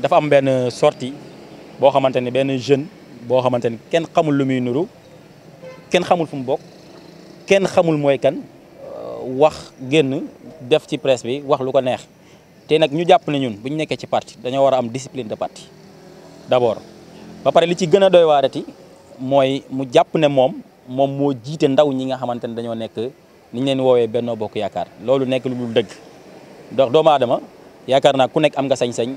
dafa am benn sortie boo xamante ne benn jeune boo xamante ne kenn xamul lu muy nuru kenn xamul fu mu bokk kenn xamul mooy kan euh, wax génn def ci presse bi wax lu ko neex te nag ñu jàpp ne ñun bu ñu nekkee ci parti dañoo war a am discipline de parti d'abord ba pare li ci gën a doy waarati mooy mu jàpp ne moom moom moo jiite ndaw ñi nga xamante ne dañoo nekk ni ñu leen woowee Benno Bokk Yaakaar loolu nekk lu dul dëgg donc doomu aadama yaakaar naa ku nekk am nga sañ-sañ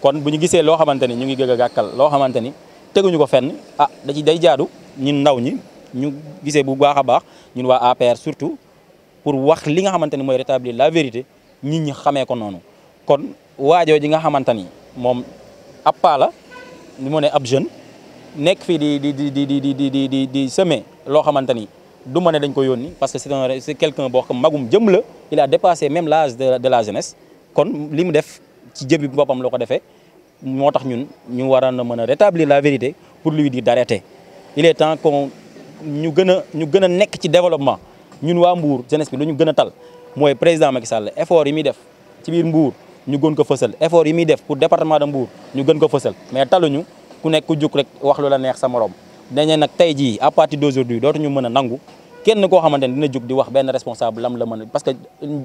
kon buñu gisé ñu ngi a lo xamanteni fenn ah da ci day jaadu ñun ndaw ñi baax ñun APR surtout pour wax li nga rétablir la vérité nit ñi xamé ko nonu kon nga ni parce que c'est un c'est quelqu'un magum jëm il a dépassé même l'âge de la jeunesse kon ci jëbi boppam la ko defee moo tax ñun ñu waroon na mën a rétablir la vérité pour lui di d'arrêter il est temps qu'on ñu gën a ñu gën a nekk ci développement ñun waa Mbour jeunesse bi lu ñu gën a tal mooy président Macky Sall effort yi muy def ci biir Mbour ñu gën ko fësal effort yi muy def pour département de mbuur ñu gën ko fësal mais ñu ku nekk ku jóg rek wax lu la neex sa morom dañu nag tey jii à partir d'aujourd'hui dootuñu mën a nangu kenn koo xamante ne dina jóg di wax benn responsable lam la mën a parce que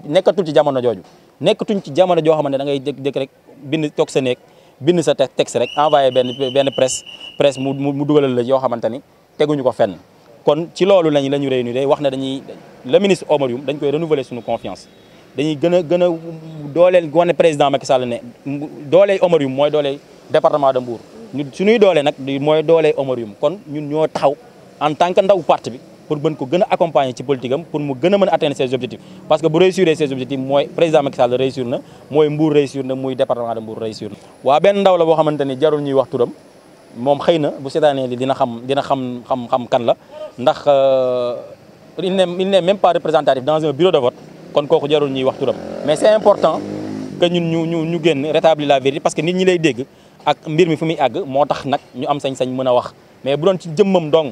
nekkatul ci jamono jooju nekkatuñ ci jamono joo xamante ne da ngay jëkk rek bind toog sa néeg bind sa texte rek envoyé benn benn presse presse mu mu dugalal la yoo xamante ni teguñu ko fenn kon ci loolu lañ la ñu réunir wax na dañuy le ministre Oumar Youm dañ koy renouveler suñu confiance dañuy gën a gën a dooleel wane président Macky Sall ne dooleel Oumar Youm mooy doole département de Mbour ñu suñuy doole nag mooy dooleel Oumar Youm kon ñun ñoo taxaw en tant que ndaw parti bi pour bën ko gëna accompagner ci politique am pour mu gëna mëna atteindre ses objectifs parce que bu réussir ses objectifs moy président Macky Sall réussir na moy Mbour réussir na moy département de Mbour réussir na wa ben ndaw la bo xamanteni jarul ñuy wax turam mom xeyna bu sétané li dina xam dina xam xam xam kan la ndax euh, il n'est il n'est même pas représentatif dans un bureau de vote kon koku jarul ñuy wax turam mais c'est important que ñun ñu ñu ñu génn rétablir la vérité parce que nit ñi lay dégg ak mbir mi fu mi ag motax nak ñu am sañ-sañ mëna wax mais bu doon ci jëmmam dong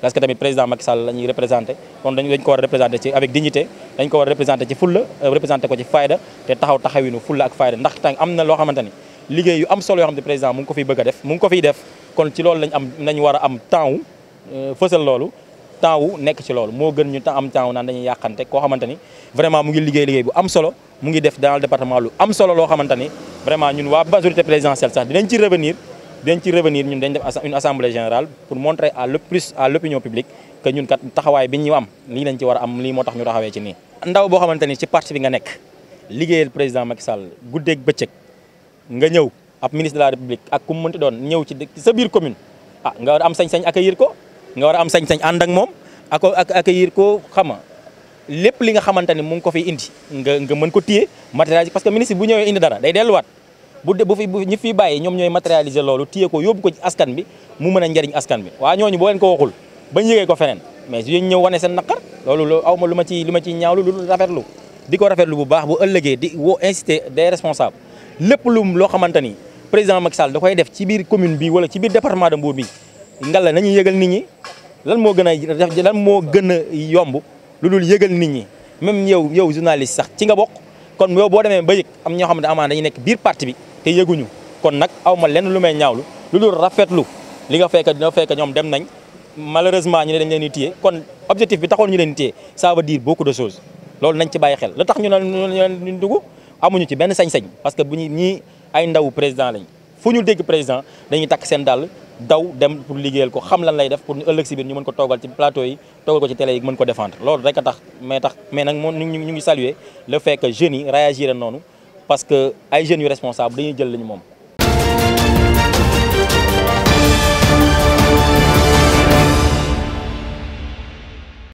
parce que tamit président Macky Sall la ñuy représenté kon dañu dañ ko représenté ci avec dignité dañ ko war a représenté ci fulla euh, représenté ko ci fayda té taxaw taxawinu full. ak fayda ndax tànk am na loo xamante yu am solo yo xam président mu ngi ko fiy bëgg def mu ngi ko fiy def kon ci loolu lañ am nañ wara am temps euh fësal loolu temps wu nek ci loolu mo gën ñu am temps wu naan dañuy yàqante ko xamante vraiment mu ngi liguey liguey bu am solo mu ngi def dans le département lu am solo lo xamante vraiment ñun wa majorité présidentielle sax dinañ ci revenir dañ ci revenir ñun dañ def une assemblée générale pour montrer à le plus à l'opinion publique que ñun kat taxawaay bi ñu am lii war a am moo tax ñu taxawee ci nii. ndaw boo xamante ni ci parti bi nga nekk liggéeyal président Macky Sall guddeeg bëccëg nga ñëw ab ministre de la république ak ku mu mënti doon ñëw ci sa biir commune ah, nga war a am sañ-sañ accueillir ko nga war a am sañ-sañ ànd ak moom ak ak accueillir ko xam nga lépp li nga xamante ni mu ngi ko fiy indi nga nga mën ko téye matériel parce que ministre bu ñëwee indi dara day delluwaat. bu bu fi ñi fiy bàyyi ñoom ñooy matérialiser loolu téye ko yóbbu ko ci askan bi mu mën a njariñ askan bi waa ñooñu boo leen ko waxul bañ yëgee ko feneen mais su ñëw wane seen naqar loolu loo aw ma lu ma ci lu ma ciy ñaawlu lu rafetlu di ko rafetlu bu baax bu ëllëgee di woo incité des responsables lépp lu loo xamante ni président Macky Sall da koy def ci biir commune bi wala ci biir département de Mbour bi ngalla nañu yëgal nit ñi lan moo gën a lan moo gën a yomb lu dul yëgal nit ñi même yow yow journaliste sax ci nga bokk kon yow bo demee ba yëg am ñoo xam amana dañuy nek biir parti bi te yeguñu kon nak awma lenn lu may ñaawlu lu dul rafetlu li nga fekk dina fekk ñom dem nañ malheureusement ñu ne dañ leen di téye kon objectif bi taxoon ñu leen di téye ça veut dire beaucoup de choses loolu nañ ci baye xel la tax ñu ne ñu dugg amuñu ci benn sañ-sañ parce que bu ñi ay ndaw président lañ fuñu dégg président dañuy tak seen dal daw dem pour liggéeyal ko xam lan lay def pour ñu ëllëg si biir ñu mën ko toogal ci plateau yi toogal ko ci télé yi mën ko défendre loolu rek a tax mais tax mais nag moom ñu ngi saluer le fait que jeunes yi réagir noonu parce que ay jeunes yu responsable dañuy jël lañu moom